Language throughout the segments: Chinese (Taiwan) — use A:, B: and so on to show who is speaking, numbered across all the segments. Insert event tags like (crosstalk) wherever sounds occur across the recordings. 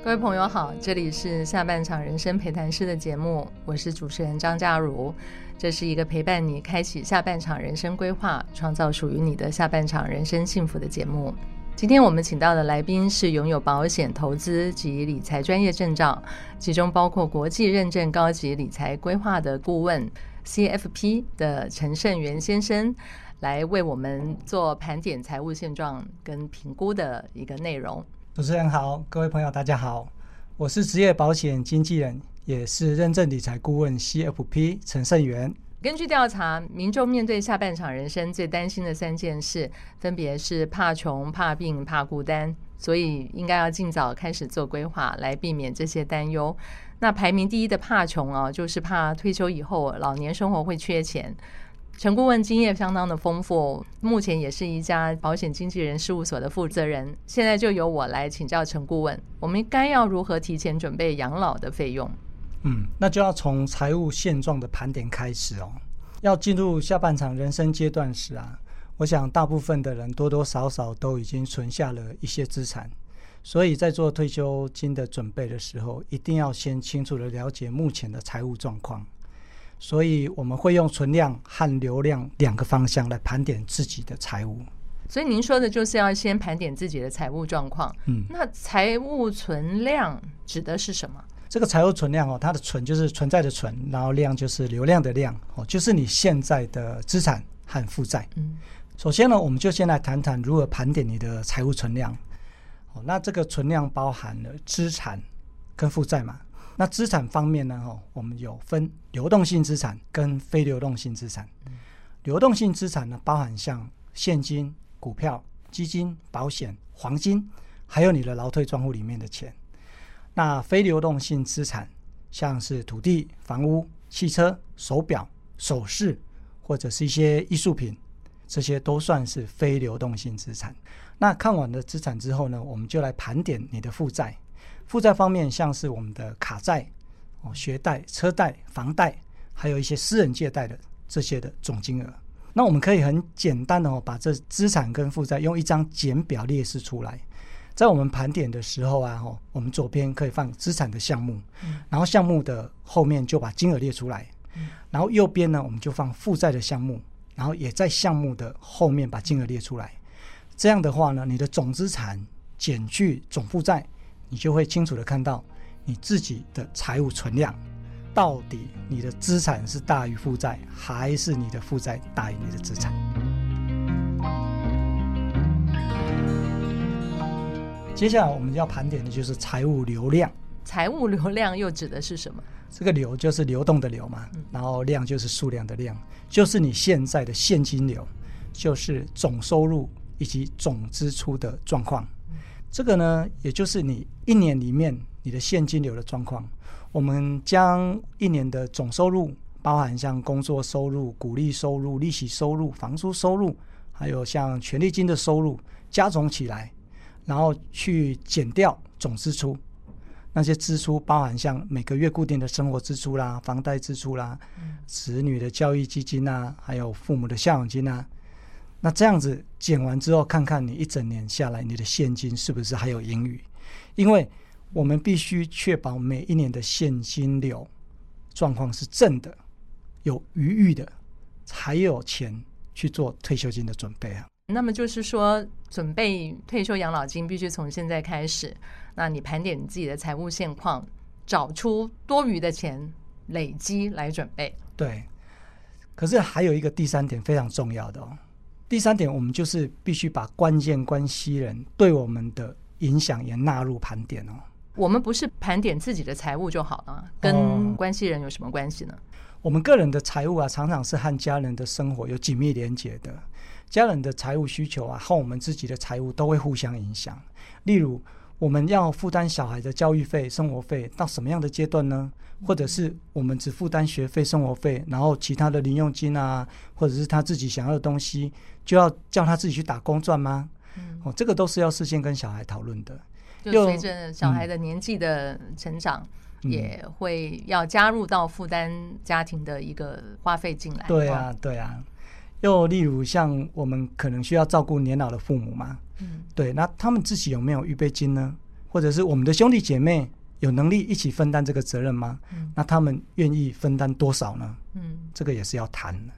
A: 各位朋友好，這裡是下半場人生陪談師的節目，我是主持人張佳如。這是一個陪伴你開啟下半場人生規劃、創造屬於你的下半場人生幸福的節目。今天我們請到的來賓是擁有保險、投資及理財專業證照，其中包括國際認證高級理財規劃的顧問 （CFP） 的陳勝源先生，來為我們做盤點財務現狀跟評估的一個內容。
B: 主持人好，各位朋友大家好，我是職業保險經紀人，也是認證理財顧問 CFP 陳勝源。
A: 根據調查，民眾面對下半場人生最擔心的三件事，分別是怕窮、怕病、怕孤單，所以應該要儘早開始做規劃，來避免這些擔憂。那排名第一的怕窮啊，就是怕退休以後老年生活會缺錢。陳顧問經驗相當的豐富，目前也是一家保險經紀人事務所的負責人。現在就由我來請教陳顧問，我們該要如何提前準備養老的費用？
B: 嗯，那就要從財務現狀的盤點開始哦。要進入下半場人生階段時啊，我想大部分的人多多少少都已經存下了一些資產，所以在做退休金的準備的時候，一定要先清楚地了解目前的財務狀況。所以我們會用存量和流量兩個方向來盤點自己的財務。
A: 所以您說的就是要先盤點自己的財務狀況。嗯，那財務存量指的是什麼？
B: 這個財務存量哦，它的存就是存在的存，然後量就是流量的量哦，就是你現在的資產和負債。嗯，首先呢，我們就先來談談如何盤點你的財務存量。哦，那這個存量包含了資產跟負債嘛。那資產方面呢？哦，我們有分流動性資產跟非流動性資產。流動性資產呢，包含像現金、股票、基金、保險、黃金，還有你的勞退賬戶裡面的錢。那非流動性資產，像是土地、房屋、汽車、手錶、首飾，或者是一些藝術品，這些都算是非流動性資產。那看完了資產之後呢，我們就來盤點你的負債。負債方面，像是我們的卡債、哦學貸、車貸、房貸，還有一些私人借貸的這些的總金額。那我們可以很簡單的哦，把這資產跟負債用一張簡表列示出來。在我們盤點的時候啊，我們左邊可以放資產的項目，嗯、然後項目的後面就把金額列出來。嗯、然後右邊呢，我們就放負債的項目，然後也在項目的後面把金額列出來。這樣的話呢，你的總資產減去總負債。你就會清楚的看到你自己的財務存量，到底你的資產是大於負債，還是你的負債大於你的資產。接下來我們要盤點的就是財務流量。財務流量又指的是什麼？這個流就是流動的流嘛，然後量就是數量的量，就是你現在的現金流，就是總收入以及總支出的狀況。這個呢，也就是你一年裡面你的現金流的狀況。我們將一年的總收入，包含像工作收入、股利收入、利息收入、房租收入，還有像權利金的收入加總起來，然後去減掉總支出。那些支出包含像每個月固定的生活支出啦、房貸支出啦、嗯、子女的教育基金啦、啊，還有父母的孝養金啦、啊。那這樣子減完之後，看看你一整年下來你的現金是不是還有盈餘？因為我們必須確保每一年的現金流狀況是正的、有餘裕的，才有錢去做退休金的準備啊。
A: 那麼就是說，準備退休養老金必須從現在開始。那你盤點你自己的財務現況，找出多餘的錢累積來準備。
B: 對，可是還有一個第三點非常重要的哦。第三點，我們就是必須把關鍵關係人對我們的影響也納入盤點哦。
A: 我們不是盤點自己的財務就好了，啊，跟關係人有什麼關係呢？哦，
B: 我們個人的財務啊，常常是和家人的生活有緊密連接的，家人的財務需求啊，和我們自己的財務都會互相影響，例如。我們要負擔小孩的教育費、生活費到什麼樣的階段呢？或者是我們只負擔學費、生活費，然後其他的零用金啊，或者是他自己想要的東西，就要叫他自己去打工賺嗎？嗯、哦，這個都是要事先跟小孩討論的。隨着小孩的
A: 年紀的成長、嗯、也會要加入到負擔家庭的一個花費進來。對啊，
B: 對啊。又例如像我們可能需要照顧年老的父母嘛，嗯、對，那他們自己有沒有預備金呢？或者是我們的兄弟姐妹有能力一起分擔這個責任嗎？嗯、那他們願意分擔多少呢？嗯、這個也是要談的。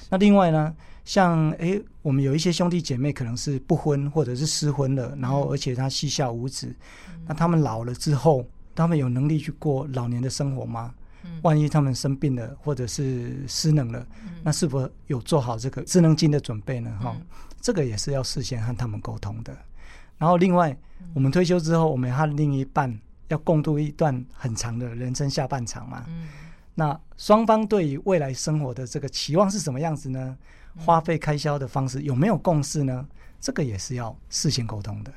B: 是那另外呢，像哎、欸，我們有一些兄弟姐妹可能是不婚或者是失婚了，然後而且他膝下無子，嗯、那他們老了之後，他們有能力去過老年的生活嗎？萬一他們生病了，或者是失能了，嗯、那是否有做好這個失能金的準備呢？哈、嗯，這個也是要事先和他們溝通的。然後，另外，嗯、我們退休之後，我們和另一半要共度一段很長的人生下半場嘛。嗯、那雙方對於未來生活的這個期望是什麼樣子呢？花費開銷的方式有沒有共識呢？這個也是要事先溝通的。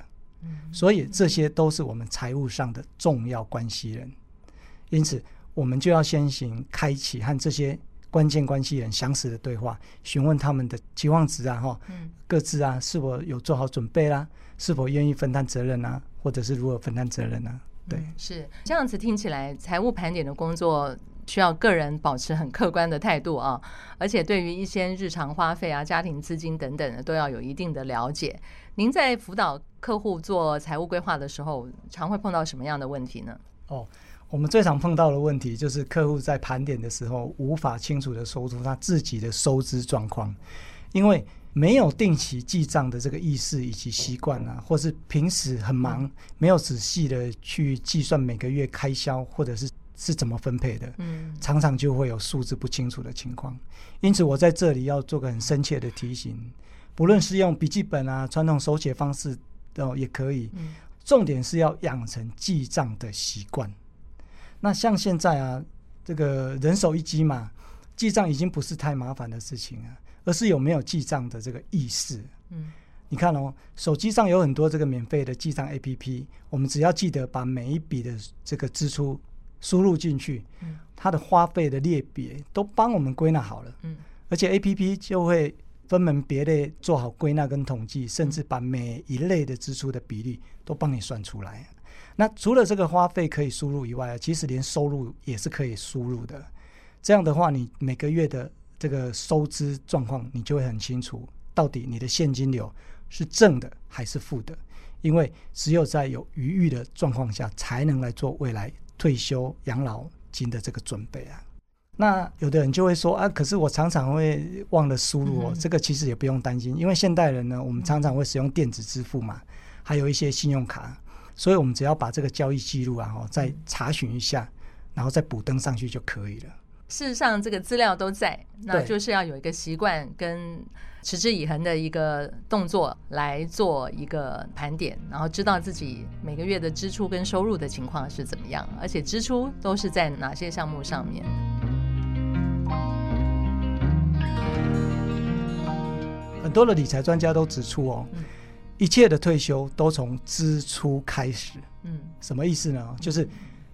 B: 所以，這些都是我們財務上的重要關係人，嗯嗯、因此。我們就要先行開啟和這些關鍵關係人相識的對話，詢問他們的期望值啊，哈，嗯，各自啊是否有做好準備啦、啊？是否願意分擔責任呢、啊？或者是如何分擔責任呢、啊？對，
A: 嗯、是這樣子。聽起來，財務盤點的工作需要個人保持很客觀的態度啊，而且對於一些日常花費啊、家庭資金等等的，都要有一定的了解。您在輔導客戶做財務規劃的時候，常會碰到什麼樣的問題呢？
B: 哦。我們最常碰到的問題就是客戶在盤點的時候，無法清楚的說出他自己的收支狀況，因為沒有定期記賬的這個意識以及習慣啊，或是平時很忙，沒有仔細的去計算每個月開銷或者是是怎麼分配的，嗯，常常就會有數字不清楚的情況。因此，我在這裡要做個很深切的提醒，不論是用筆記本啊，傳統手寫方式哦也可以，重點是要養成記賬的習慣。那像現在啊，這個人手一機嘛，記賬已經不是太麻煩的事情啊，而是有沒有記賬的這個意識。嗯，你看哦，手機上有很多這個免費的記賬 APP，我們只要記得把每一筆的這個支出輸入進去，嗯，它的花費的類別都幫我們歸納好了，嗯，而且 APP 就會分門別類做好歸納跟統計，甚至把每一類的支出的比例都幫你算出來。那除了這個花費可以輸入以外啊，其實連收入也是可以輸入的。這樣的話，你每個月的這個收支狀況，你就會很清楚，到底你的現金流是正的還是負的。因為只有在有餘裕的狀況下，才能來做未來退休養老金的這個準備啊。那有的人就會說啊，可是我常常會忘了輸入哦。嗯，這個其實也不用擔心，因為現代人呢，我們常常會使用電子支付嘛，還有一些信用卡。所以我們只要把這個交易記錄，啊，再查詢一下，然後再補登上去就可以了。
A: 事實上，這個資料都在，對那就是要有一個習慣跟持之以恆的一個動作來做一個盤點，然後知道自己每個月的支出跟收入的情況是怎麼樣，而且支出都是在哪些項目上面。
B: 很多的理財專家都指出哦。嗯一切的退休都從支出開始，嗯，什麼意思呢？就是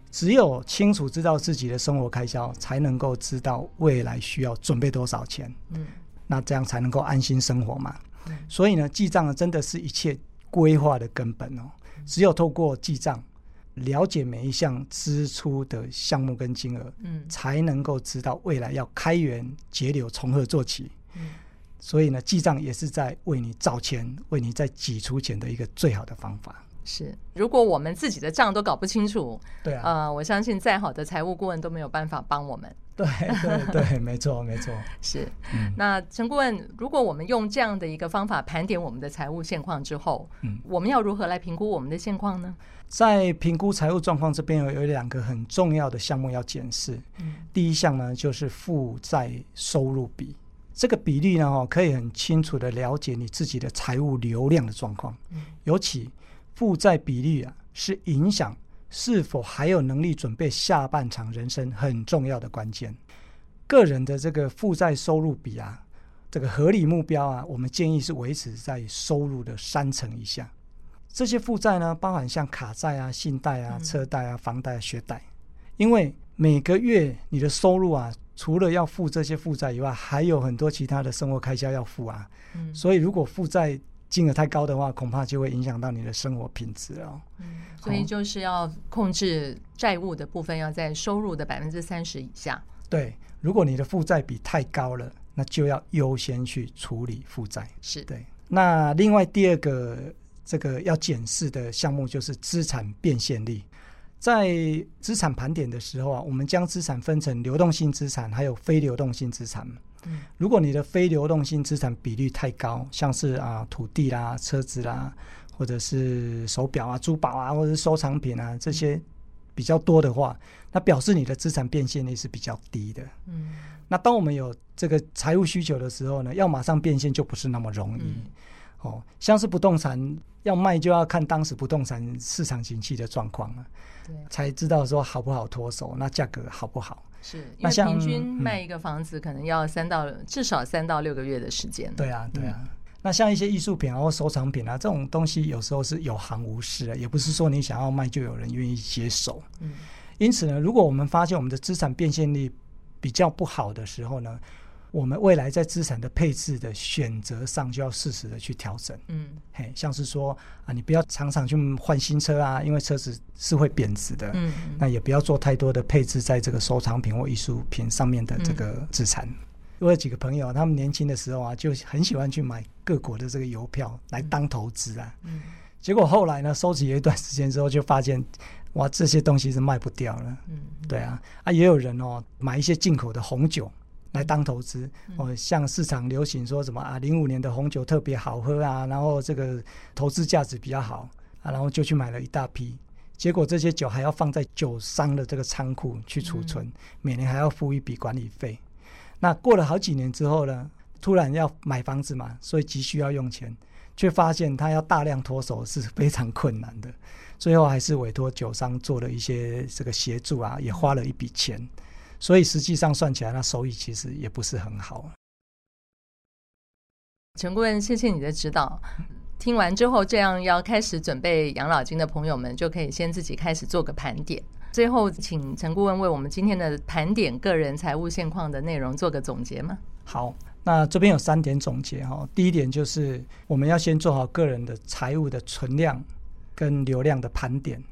B: 只有清楚知道自己的生活開銷，才能夠知道未來需要準備多少錢，嗯，那這樣才能夠安心生活嘛。嗯、所以呢，記賬真的是一切規劃的根本哦。嗯、只有透過記賬，了解每一項支出的項目跟金額，嗯，才能夠知道未來要開源節流從何做起。嗯所以呢，記賬也是在為你造錢，為你在擠出錢的一個最好的方法。是，
A: 如果我們自己的賬都搞不清楚，對啊、呃，我相信再好的財務顧問都沒有辦法幫我們。對對對
B: (laughs) 沒，沒錯沒錯。
A: 是，嗯、那陳顧問，如果我們用這樣的一個方法盤點我們的財務現況之後，嗯，我們要如何來評估我們的現況呢？
B: 在評估財務狀況這邊有有兩個很重要的項目要檢視。嗯，第一項呢就是負債收入比。這個比例呢，哦，可以很清楚地了解你自己的財務流量的狀況。嗯，尤其負債比例啊，是影響是否還有能力準備下半場人生很重要的關鍵。個人的這個負債收入比啊，這個合理目標啊，我們建議是維持在收入的三成以下。這些負債呢，包含像卡債啊、信貸啊、車貸啊、房貸啊、學貸，嗯，因為每個月你的收入啊。除了要付這些負債以外，還有很多其他的生活開銷要付啊。嗯，所以如果負債金額太高的話，恐怕就會影響到你的生活品質哦。嗯，
A: 所以就是要控制債務的部分要在收入的百分之三十以下。嗯，
B: 對，如果你的負債比太高了，那就要優先去處理負債。是對。那另外第二個這個要檢視的項目就是資產變現率。在資產盤點的時候啊，我們將資產分成流動性資產還有非流動性資產。嗯，如果你的非流動性資產比率太高，像是啊土地啦、車子啦，或者是手錶啊、珠寶啊，或者是收藏品啊這些比較多的話，那表示你的資產變現率是比較低的。嗯，那當我們有這個財務需求的時候呢，要馬上變現就不是那麼容易。哦，像是不動產要賣，就要看當時不動產市場景氣的狀況了，對才知道說好不好脫手，那價格好不好。
A: 是，因為那像平均賣一個房子可能要三到，嗯、至少三到六個月的時間。
B: 對啊，對啊。嗯、那像一些藝術品啊或收藏品啊，這種東西有時候是有行無市啊，也不是說你想要賣就有人願意接手。嗯，因此呢，如果我們發現我們的資產變現力比較不好的時候呢，我們未來在資產的配置的選擇上，就要適時的去調整。嗯，嘿，像是說啊，你不要常常去換新車啊，因為車子是會貶值的。嗯，那也不要做太多的配置在這個收藏品或藝術品上面的這個資產。嗯，我有幾個朋友，他們年輕的時候啊，就很喜歡去買各國的這個郵票來當投資啊嗯。嗯，結果後來呢，收集了一段時間之後，就發現哇，這些東西是賣不掉了。嗯，嗯對啊，啊，也有人哦，買一些進口的紅酒，來當投資我、哦、像市場流行說什麼啊，零五年的紅酒特別好喝啊，然後這個投資價值比較好啊，然後就去買了一大批，結果這些酒還要放在酒商的這個倉庫去儲存，嗯、每年還要付一筆管理費。那過了好幾年之後呢，突然要買房子嘛，所以急需要用錢，卻發現他要大量脫手是非常困難的，最後還是委託酒商做了一些這個協助啊，也花了一筆錢。所以實際上算起來，那收益其實也不是很好，
A: 好。陳顧問，謝謝你的指導。聽完之後，這樣要開始準備養老金的朋友們，就可以先自己開始做個盤點。最後，請陳顧問為我們今天的盤點個人財務現況的內容做個總結嗎？
B: 好，那這邊有三點總結哈、哦。第一點就是，我們要先做好個人的財務的存量跟流量的盤點。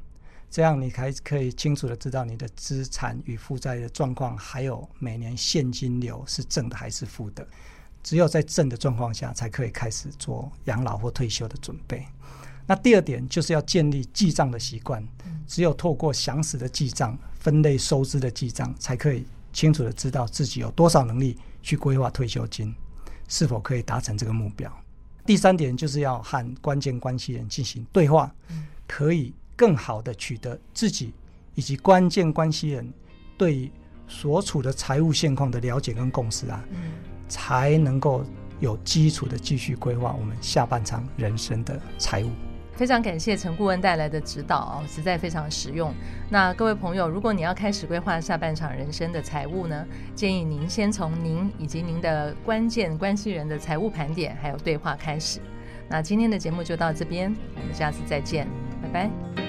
B: 這樣你才可以清楚的知道你的資產與負債的狀況，還有每年現金流是正的還是負的。只有在正的狀況下，才可以開始做養老或退休的準備。那第二點就是要建立記賬的習慣，只有透過詳實的記賬、分類收支的記賬，才可以清楚的知道自己有多少能力去規劃退休金，是否可以達成這個目標。第三點就是要和關鍵關係人進行對話，可以。更好的取得自己以及關鍵關係人對所處的財務現況的了解跟共識啊，嗯，才能夠有基礎的繼續規劃我們下半場人生的財務。
A: 非常感謝陳顧問帶來的指導，哦，實在非常實用。那各位朋友，如果你要開始規劃下半場人生的財務呢，建議您先從您以及您的關鍵關係人的財務盤點還有對話開始。那今天的節目就到這邊，我們下次再見，拜拜。